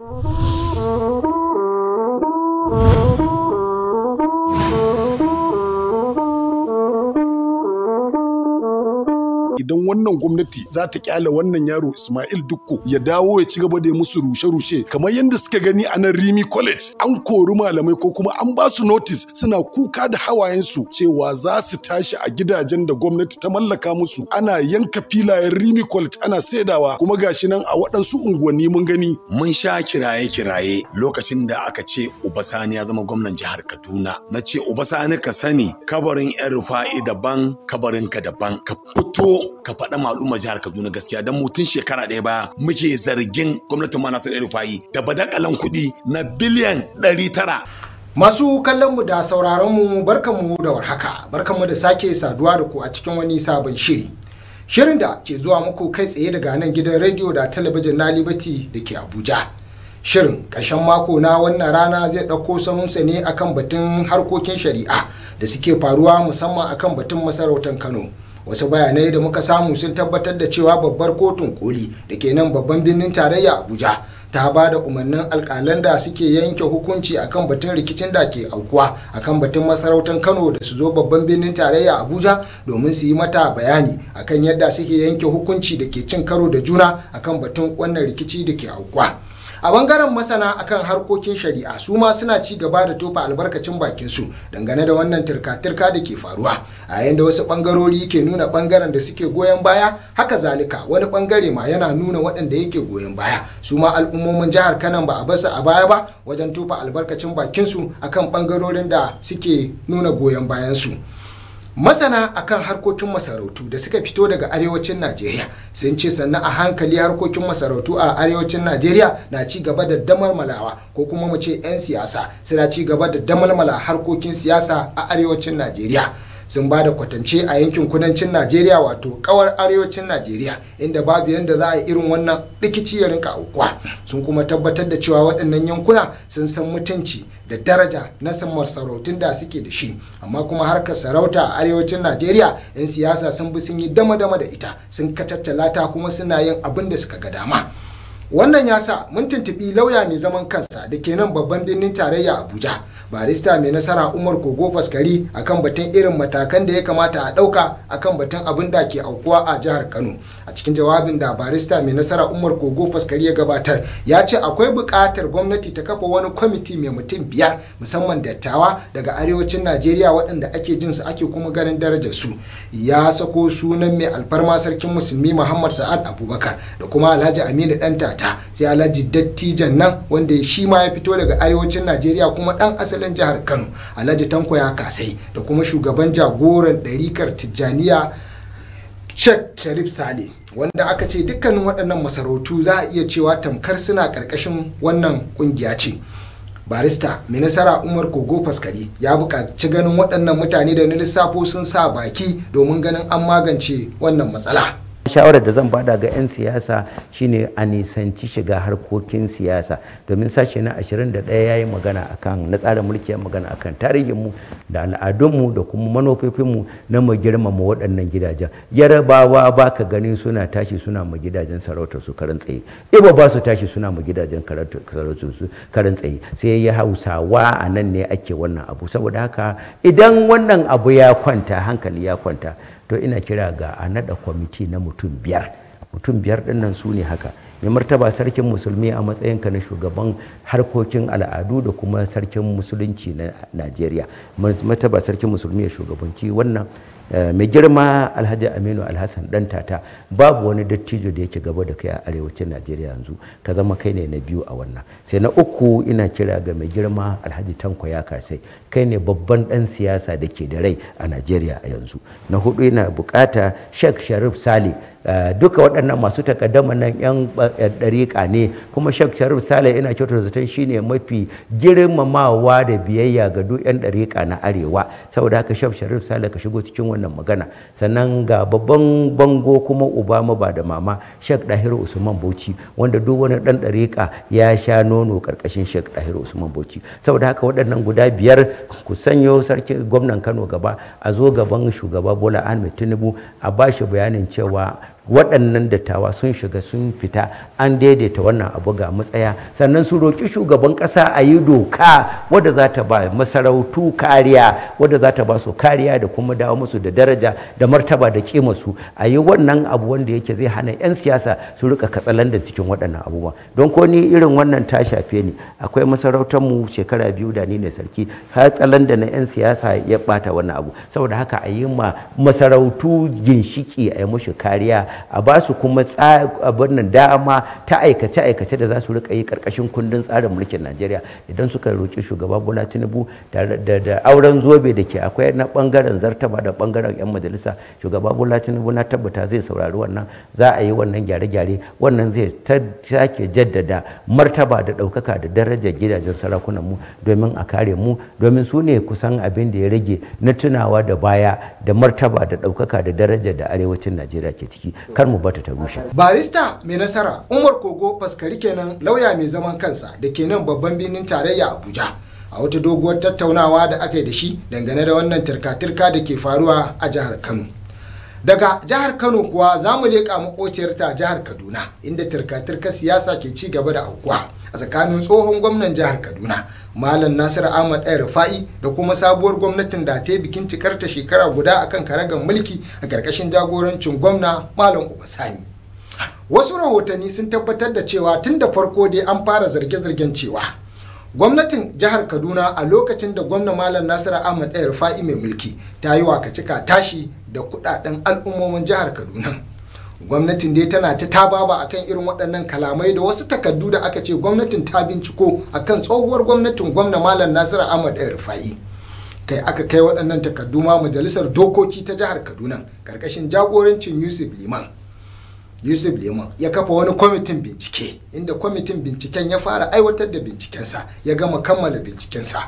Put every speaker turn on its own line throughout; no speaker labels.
Oh. idan wannan gwamnati za ta kyale wannan yaro Ismail Dukko ya dawo ya ci gaba da musu rushe-rushe kamar yadda suka gani a nan Rimi College an kori malamai ko kuma an ba su notice suna kuka da hawayensu cewa za su tashi a gidajen da gwamnati ta mallaka musu ana yanka filayen Rimi College ana saidawa kuma gashi nan a waɗansu unguwanni mun gani. Mun sha kiraye-kiraye lokacin da aka ce Ubasani ya zama gwamnan jihar Kaduna na
ce Ubasani ka sani kabarin 'yan rufa'i daban kabarin ka daban ka fito ka faɗa ma jihar Kaduna gaskiya dan mutun shekara ɗaya ba muke zargin gwamnatin ma da Rufai
da badakalan kuɗi na biliyan ɗari tara. Masu kallon mu da sauraron mu barkanmu da warhaka mu da sake saduwa da ku a cikin wani sabon shiri. Shirin da ke zuwa muku kai tsaye daga nan gidan rediyo da talabijin na Liberty da ke Abuja. Shirin ƙarshen mako na wannan rana zai ɗauko sanunsa ne akan batun harkokin shari'a da suke faruwa musamman akan batun masarautar Kano. wasu bayanai da muka samu sun tabbatar da cewa babbar kotun koli da ke nan babban birnin tarayya abuja ta ba da umarnin alkalan da suke yanke hukunci akan batun rikicin da ke aukuwa akan batun masarautar kano da su zo babban birnin tarayya abuja domin su yi mata bayani akan yadda suke yanke hukunci da ke cin karo da juna akan batun wannan rikici da ke aukuwa a bangaren masana akan harkokin shari'a su ma suna ci gaba da tofa albarkacin bakin su dangane da wannan turka-turka da ke faruwa a yayin da wasu bangarori ke nuna bangaren da suke goyon baya haka zalika wani bangare ma yana nuna waɗanda yake goyon baya su ma al'ummomin jihar kanan ba a basa a baya ba wajen tofa albarkacin bakin su akan bangarorin da suke nuna goyon bayan su masana akan harkokin masarautu da suka fito daga arewacin najeriya sun ce sannan a hankali harkokin masarautu a arewacin najeriya na ci gaba da damalmalawa ko kuma mu ce 'yan siyasa suna ci gaba da damalmala harkokin siyasa a arewacin najeriya sun ba da kwatance a yankin kudancin najeriya wato kawar arewacin najeriya inda babu yadda za a yi irin wannan rikici ya rinka aukuwa sun kuma tabbatar da cewa waɗannan yankuna sun san mutunci da daraja na samar sarautun da suke da shi amma kuma harkar sarauta a arewacin najeriya 'yan siyasa sun bi sun yi dama-dama da ita sun katattala ta kuma suna yin abin da suka ga dama wannan ya sa mun tuntubi lauya mai zaman kansa da ke nan babban birnin tarayya abuja barista mai nasara umar kogo faskari akan batun irin matakan da ya kamata a ɗauka akan batun abin da ke aukuwa a jihar kano a cikin jawabin da barista mai nasara umar kogo faskari ya gabatar ya ce akwai buƙatar gwamnati ta kafa wani kwamiti mai mutum biyar musamman dattawa daga arewacin najeriya waɗanda ake jin su ake kuma ganin darajar su ya sako sunan mai alfarma sarkin musulmi muhammad sa'ad abubakar da kuma alhaji aminu ɗanta ta sai alhaji dattijan nan wanda shi ma ya fito daga arewacin najeriya kuma dan asalin jihar kano alhaji tanko ya kasai da kuma shugaban jagoran ɗarikar tijjaniya Sheikh Sharif Sale wanda aka ce dukkanin waɗannan masarautu za a iya cewa tamkar suna ƙarƙashin wannan ƙungiya ce. barista mai umar kogo faskari ya buƙaci ganin waɗannan mutane da na lissafo sun sa baki domin ganin an magance wannan
matsala. shawarar da zan bada ga 'yan siyasa shine a nisanci shiga harkokin siyasa domin sashe na 21 ya yi magana akan na tsarin mulki ya magana akan tarihinmu da al'adunmu da kuma manufofinmu na mu girmama waɗannan gidajen yarabawa ba ka gani suna tashi suna mu gidajen sarautar su karan tsaye ibo ba su tashi suna mu gidajen sarautar tsaye sai ya hausawa a nan ne ake wannan abu saboda haka idan wannan abu ya kwanta hankali ya kwanta to ina kira ga a naɗa kwamiti na mutum biyar mutum biyar ɗin nan su ne haka mai martaba sarkin musulmi a matsayinka na shugaban harkokin al'adu da kuma sarkin musulunci na najeriya martaba sarkin musulmi ya shugabanci wannan Eh, mai girma alhaji aminu alhassan dan tata babu wani dattijo da yake gaba da kai a arewacin najeriya yanzu ka zama kai ne na biyu a wannan sai na uku ina kira ga mai girma alhaji tanko ya karsai kai ne babban dan siyasa da ke da rai a najeriya a yanzu na hudu ina bukata sheikh sharif sale eh, duka waɗannan masu takaddama nan 'yan eh, ɗariƙa ne kuma sheikh sharif sale ina kyautar zaton shine mafi girmamawa da biyayya ga duk 'yan ɗariƙa na arewa saboda haka shek sharif sale ka shigo cikin wannan magana sannan ga babban bango kuma uba ba da mama Sheikh dahir usman bauchi wanda duk wani dan dariƙa ya sha nono karkashin Sheikh dahir usman bauchi saboda haka waɗannan guda biyar ku sanyo sarki gwamnan kano gaba a zo gaban shugaba bola ahmed tinubu a bashi bayanin cewa waɗannan dattawa sun shiga sun fita an daidaita wannan abu ga matsaya sannan su roƙi shugaban ƙasa a yi doka wadda za ta ba masarautu kariya wadda za ta ba su kariya da kuma dawo musu da daraja da martaba da kima su a yi wannan abu wanda yake zai hana 'yan siyasa su rika katsalan da cikin waɗannan abubuwa don ko ni irin wannan ta shafe ni akwai masarautar mu shekara biyu da ni ne sarki da na 'yan siyasa ya ɓata wannan abu saboda haka a yi ma masarautu ginshiki a yi musu kariya a ba su kuma abin nan dama ta aikace aikace da za su rika yi karkashin kundin tsarin mulkin Najeriya idan suka roƙi shugaba Bola Tinubu da auren zobe da ke akwai na bangaren zartaba da bangaren yan majalisa shugaba Bola Tinubu na tabbata zai saurari wannan za a yi wannan gyare-gyare wannan zai sake jaddada martaba da ɗaukaka da darajar gidajen sarakunan mu domin a kare mu domin su ne kusan abin da ya rage na tunawa da baya da martaba da ɗaukaka da darajar da arewacin Najeriya ke ciki kar mu bata ta rushe barista
mai nasara umar kogo faskari kenan lauya mai zaman kansa da ke nan babban birnin tarayya abuja a wata doguwar tattaunawa da aka yi da shi dangane da wannan turka da ke faruwa a jihar kano daga jihar kano kuwa za mu leƙa makociyar ta jihar kaduna inda turka-turka siyasa ke ci gaba da aukuwa a tsakanin tsohon gwamnan jihar kaduna malam nasir ahmad ɗaya rufa'i da kuma sabuwar gwamnatin da ta yi bikin cikarta shekara guda akan karagar mulki a ƙarƙashin jagorancin gwamna malam obasani wasu rahotanni sun tabbatar da cewa tun da farko dai an fara zarge-zargen cewa gwamnatin jihar kaduna a lokacin da gwamna malam nasir ahmad ɗaya rufa'i mai mulki ta yi wa kacika tashi da kuɗaɗen al'ummomin jihar kaduna gwamnatin dai tana ta tababa baba akan irin waɗannan kalamai da wasu takardu da aka ce gwamnatin ta binciko akan tsohuwar gwamnatin gwamna malam nasiru ahmad el rufai kai aka kai waɗannan takardu ma majalisar dokoki ta jihar kaduna karkashin jagorancin yusuf liman yusuf liman ya kafa wani kwamitin bincike inda kwamitin binciken ya fara aiwatar da bincikensa ya gama kammala bincikensa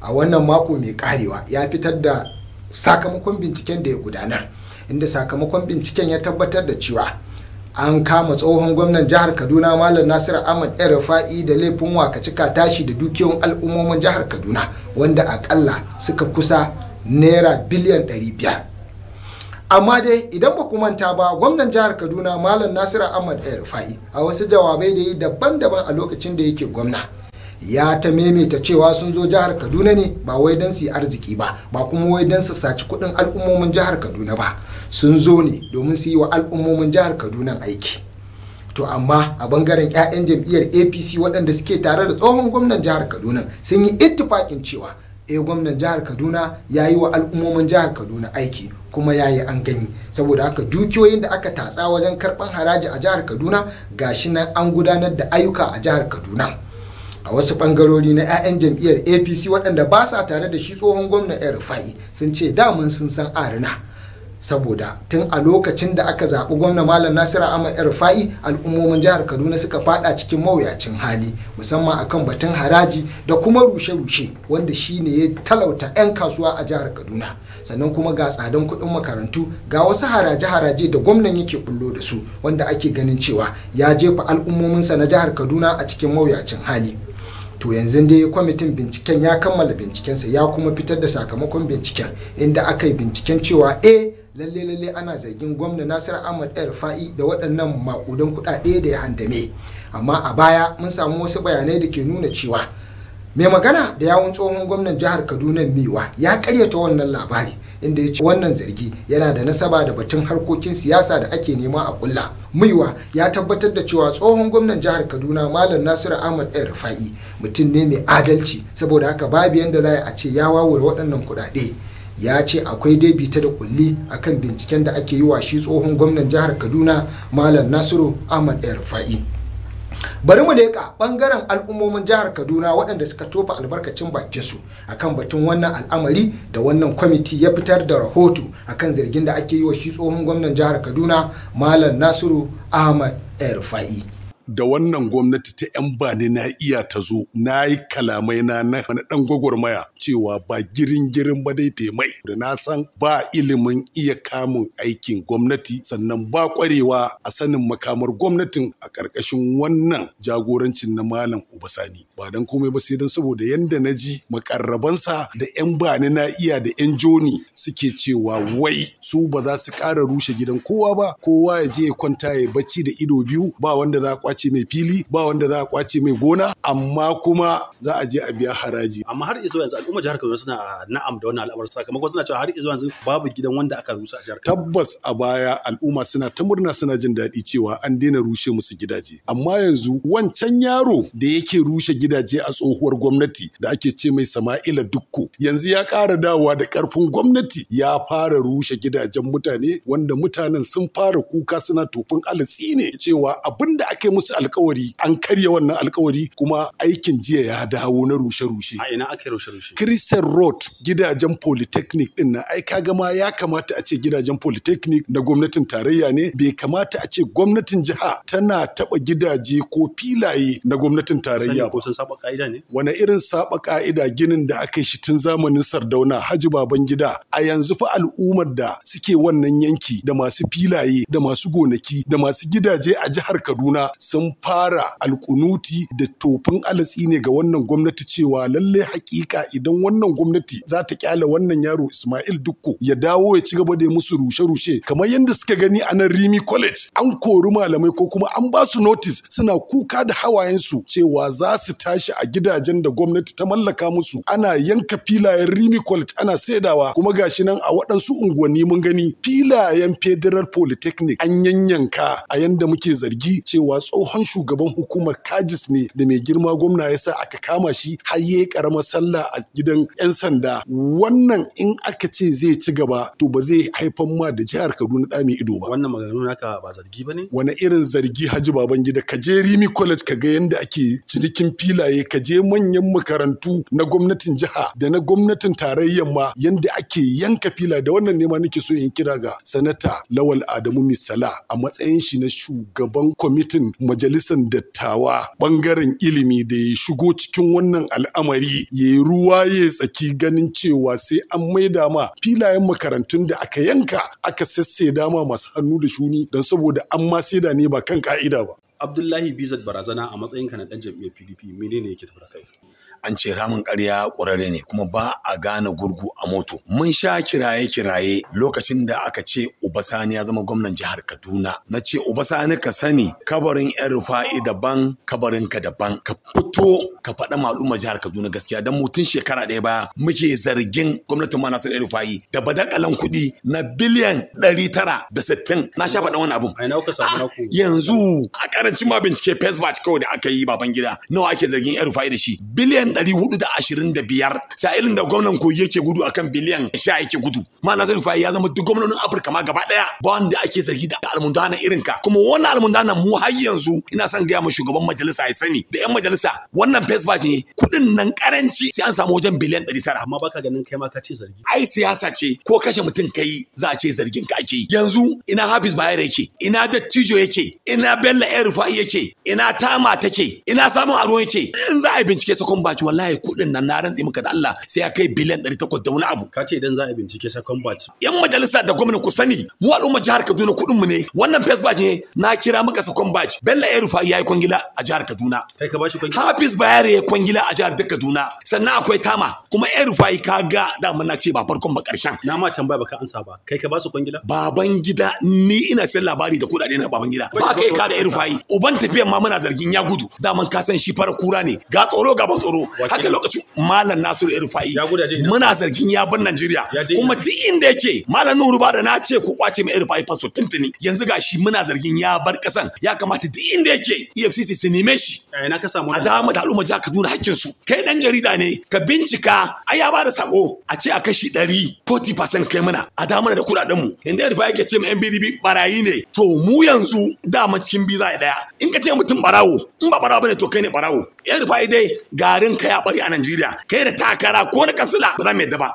a wannan mako mai karewa ya fitar da sakamakon binciken da ya gudanar inda sakamakon binciken ya tabbatar da cewa an kama tsohon gwamnan jihar kaduna malam nasir ahmad el rufa'i da laifin wakacika tashi da dukiyoyin al'ummomin jihar kaduna wanda akalla suka kusa naira biliyan 500 amma dai idan ba manta ba gwamnan jihar kaduna malam nasir ahmad el rufa'i a wasu jawabai da yi daban-daban a lokacin da yake gwamna ya ta maimaita cewa sun zo jihar kaduna ne ba wai don su yi arziki ba ba kuma wai don su saci kuɗin al'ummomin jihar kaduna ba sun zo ne domin su yi wa al'ummomin jihar kaduna aiki to amma a bangaren 'ya'yan jam'iyyar apc waɗanda suke tare da tsohon gwamnan jihar kaduna sun yi ittifaƙin cewa eh gwamnan jihar kaduna ya yi wa al'ummomin jihar kaduna aiki kuma ya yi an gani saboda haka dukiyoyin da aka tatsa wajen karɓan haraji a jihar kaduna ga shi nan an gudanar da ayyuka a jihar kaduna a wasu bangarori na 'ya'yan jam'iyyar apc waɗanda ba sa tare da shi tsohon gwamnan rufai sun ce daman sun san arina saboda tun a lokacin da aka zaɓi gwamna malam nasiru ahmad rufa'i al'ummomin jihar kaduna suka fada cikin mawuyacin hali musamman akan batun haraji da kuma rushe-rushe wanda shi ne ya talauta 'yan kasuwa a jihar kaduna sannan kuma ga tsadan kuɗin makarantu ga wasu haraje-haraje da gwamnan yake kullo da su wanda ake ganin cewa ya jefa al'ummominsa na jihar kaduna a cikin mawuyacin hali to yanzu dai kwamitin binciken ya kammala bincikensa ya kuma fitar da sakamakon binciken inda aka yi binciken cewa eh lalle lalle ana zargin gwamna nasir ahmad el fa'i da waɗannan maƙudan kuɗaɗe da ya handame amma a baya mun samu wasu bayanai da ke nuna cewa mai magana da yawun tsohon gwamnan jihar kaduna miwa ya karyata wannan labari inda ya ce wannan zargi yana da nasaba da batun harkokin siyasa da ake nema a kulla miwa ya tabbatar da cewa tsohon gwamnan jihar kaduna malam nasiru ahmad el rufa'i mutum ne mai adalci saboda haka babu yadda za a ce ya wawure waɗannan kuɗaɗe ya ce akwai dai bita da kulli akan binciken da ake yi wa shi tsohon gwamnan jihar kaduna malam nasiru ahmad rfa'i bari mu leƙa ɓangaren al'ummomin jihar kaduna waɗanda suka tofa albarkacin bakinsu akan batun wannan al'amari da wannan kwamiti ya fitar da rahoto akan zargin da ake yi wa shi tsohon gwamnan jihar kaduna malam nasiru ahmad
rfa'i da wannan gwamnati ta 'yan ne na iya ta zo na yi kalamai na na ɗan gwagwarmaya cewa ba girin girin ba dai taimai da na san ba ilimin iya kamun aikin gwamnati sannan ba ƙwarewa a sanin makamar gwamnatin a ƙarƙashin wannan jagorancin na malam Ubasani ba dan komai ba sai dan saboda yanda na ji makarrabansa da 'yan ne na iya da 'yan joni suke cewa wai su ba za su ƙara rushe gidan kowa ba kowa ya je ya kwanta ya bacci da ido biyu ba wanda za kwace kwace mai fili ba wanda za a kwace mai gona amma kuma za a je a biya haraji
amma har izuwa yanzu al'ummar jihar Kano suna na'am da wannan al'amarin sakamakon suna cewa har izuwa yanzu babu gidan wanda aka rusa a jihar
tabbas a baya al'umma suna ta murna suna jin daɗi cewa an daina rushe musu gidaje amma yanzu wancan yaro da yake rushe gidaje a tsohuwar gwamnati da ake ce mai Sama'ila Dukko yanzu ya ƙara dawowa da ƙarfin gwamnati ya fara rushe gidajen mutane wanda mutanen sun fara kuka suna tofin alatsi ne cewa abin da ake musu wasu alkawari an karya wannan alkawari kuma aikin jiya ya dawo na rushe-rushe. A
ina aka rushe-rushe?
Christian Road gidajen Polytechnic din nan ai kaga ma ya kamata a ce gidajen Polytechnic na gwamnatin tarayya ne bai kamata a ce gwamnatin jiha tana taba gidaje ko filaye na gwamnatin tarayya.
Ko sun saba ka'ida ne?
Wani irin saba ka'ida ginin da aka yi shi tun zamanin Sardauna Haji Babangida a yanzu fa al'ummar da suke wannan yanki da masu filaye da masu gonaki da masu gidaje a jihar Kaduna sun sun fara alkunuti da tofin alatsi ne ga wannan gwamnati cewa lallai hakika idan wannan gwamnati za ta kyale wannan yaro Ismail Dukko ya dawo ya ci gaba da musu rushe-rushe kamar yadda suka gani a nan Rimi College an kori malamai ko kuma an ba su notice suna kuka da hawayensu cewa za su tashi a gidajen da gwamnati ta mallaka musu ana yanka filayen Rimi College ana saidawa kuma gashi nan a waɗansu unguwanni mun gani filayen Federal Polytechnic an yanyanka a yanda muke zargi cewa tsohon shugaban hukumar kajis ne da mai girma gwamna ya sa aka kama shi har yi karamar sallah a gidan 'yan sanda wannan in aka ce zai ci gaba to ba zai haifan ma da jihar Kaduna da mai ido ba wannan
maganganu naka ba zargi bane
wani irin zargi Haji Babangida ka je Rimi College ka ga yanda ake cinikin filaye ka je manyan makarantu na gwamnatin jiha da na gwamnatin tarayyan ma yanda ake yanka fila da wannan nema nake so in kira ga sanata Lawal Adamu Misala a matsayin shi na shugaban kwamitin majalisar dattawa bangaren ilimi da ya shigo cikin wannan al'amari ya yi ruwa ya tsaki ganin cewa sai an maida ma filayen makarantun da aka yanka aka sassa dama masu hannu da shuni don saboda an ma da ne ba kan ka'ida ba.
Abdullahi Bizat Barazana a matsayinka na ɗan jam'iyyar PDP menene yake tafi an ce ramin ƙarya ƙwararre ne kuma ba a gane gurgu a moto. Mun sha kiraye-kiraye lokacin da aka ce Ubasani ya zama gwamnan jihar Kaduna. Na ce Ubasani ka sani kabarin 'yan rufa'i daban kabarin ka daban. Ka fito ka faɗa al'umma jihar Kaduna gaskiya don mutum shekara ɗaya baya muke zargin gwamnatin ma Nasiru Rufa'i da badakalan kuɗi na biliyan ɗari tara da sittin na sha faɗa wani abun. Ah, yanzu a karancin ma bincike Facebook kawai da aka yi baban gida nawa ake zargin 'yan rufa'i da shi biliyan dari hudu da ashirin da biyar irin da gwamnan koyi yake gudu akan biliyan sha yake gudu ma na sani ya zama duk gwamnonin afirka ma gaba ɗaya ba wanda ake zargi da almundana irin ka kuma wannan almundana mu har yanzu ina son gaya ma shugaban majalisa ya sani da yan majalisa wannan facebook ne kuɗin nan karanci sai an samu wajen biliyan ɗari tara. amma baka ganin kai ma ka ce zargi. ai siyasa ce ko kashe mutum kai za a ce zargin ka ake yanzu ina hafiz bayar yake ina dattijo yake ina bella air rufa'i yake ina tama take ina samun aro yake in za a bincike sakon ba ci wallahi kuɗin nan na rantsi maka da Allah sai ya kai biliyan 800 takwas da wani abu. Ka ce idan za a bincike second batch. Yan majalisa da gwamnati ku sani mu al'umma jihar Kaduna kudin mu ne wannan first batch ne na kira maka second batch Bello Erufa ya yi kwangila a jihar Kaduna. Kai ka bashi kwangila. Hafiz Bayare yayi kwangila a jihar Kaduna sannan akwai Tama kuma Erufa ka ga da na ce ba farkon ba karshen Na ma tambaya baka ansa ba kai ka basu kwangila. Baban gida ni ina san labari da kudade na baban gida ba kai ka da Erufa uban tafiyan ma muna zargin ya gudu daman ka san shi fara kura ne ga tsoro ga ban tsoro haka lokacin malam nasiru irfa'i muna zargin ya bar najeriya kuma duk inda yake malam nuru ba da na ce ku kwace mai irfa'i faso tuntuni yanzu gashi muna zargin ya bar kasan ya kamata duk inda yake efcc su neme shi eh, a dama da al'umma ka kaduna hakkin su kai dan jarida ne ka bincika ai ya ba da sako a ce a kashi ɗari forty fasan kai muna a dama da kuɗaɗen mu inda rufa yake ce mai yan biribi barayi ne to mu yanzu da dama cikin biza ɗaya in ka ce mutum barawo in ba barawo bane to kai ne barawo yan rufa dai garin kai a bari a Najeriya kai da takara ko na kasula ba za mu yadda ba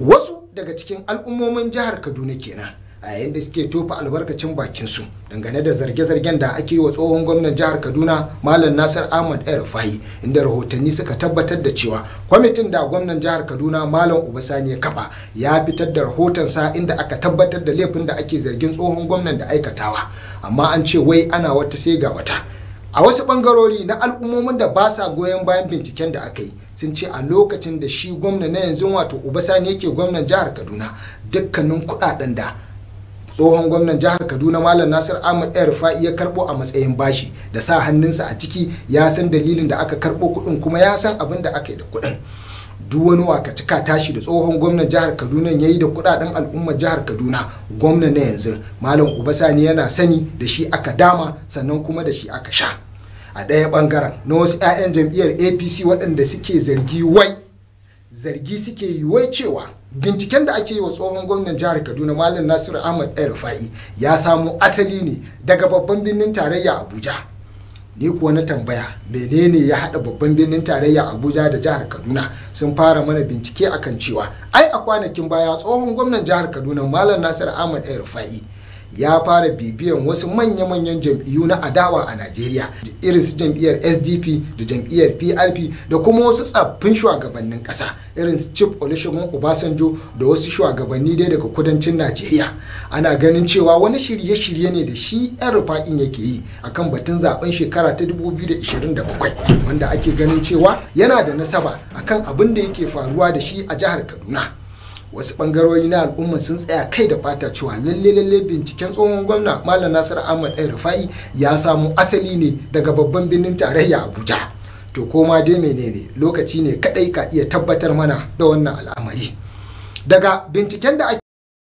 wasu
daga cikin al'ummomin jihar Kaduna kenan a yayin da suke tofa albarkacin bakin su dangane da zarge-zargen da ake yi wa tsohon gwamnan jihar Kaduna Malam Nasir Ahmad erfahi inda rahotanni suka tabbatar da cewa kwamitin da gwamnan jihar Kaduna Malam sani ya kafa ya fitar da rahoton sa inda aka tabbatar da laifin da ake zargin tsohon gwamnan da aikatawa amma an ce wai ana wata sai ga wata a wasu bangarori na al'ummomin da ba sa goyon bayan binciken da aka yi sun ce a lokacin da shi gwamna na yanzu wato obasani yake gwamnan jihar kaduna dukkanin kudaden da tsohon gwamnan jihar kaduna malam nasir ahmad ɗaya rufa'i ya karɓo a matsayin bashi da sa hannunsa a ciki ya san dalilin da aka karɓo kuɗin kuma ya san abin da aka yi da kuɗin duk wani waka ka tashi da tsohon gwamnan jihar kaduna ya yi da kudaden al'ummar jihar kaduna gwamna na yanzu malam ubasani yana sani da shi aka dama sannan kuma da shi aka sha a ɗaya bangaren na wasu 'ya'yan jam'iyyar apc waɗanda suke zargi wai zargi suke yi wai cewa binciken da ake yi wa tsohon gwamnan jihar kaduna malam nasiru ahmad el ya samo asali ne daga babban birnin tarayya abuja ni kuwa na tambaya menene ya hada babban birnin tarayya abuja da jihar kaduna sun fara mana bincike akan cewa ai a kwanakin baya tsohon gwamnan jihar kaduna malam nasir ahmad el rufai ya fara bibiyan wasu manya-manyan jam'iyyu na adawa a najeriya irin su jam'iyyar sdp da jam'iyyar prp da kuma wasu tsaffin shugabannin ƙasa irin su chief olusegun obasanjo da wasu shugabanni dai daga kudancin najeriya ana ganin cewa wani shirye-shirye ne da shi yan rufa'in yake yi akan batun zaben shekara ta 2027 wanda ake ganin cewa yana da nasaba akan abin da yake faruwa da shi a jihar kaduna wasu bangarori na al'umma sun tsaya kai da fata cewa lalle lalle binciken tsohon gwamna malam nasir ahmad ɗan rufai ya samu asali ne daga babban birnin tarayya abuja to koma dai menene lokaci ne kadai ka iya tabbatar mana da wannan al'amari daga binciken da ake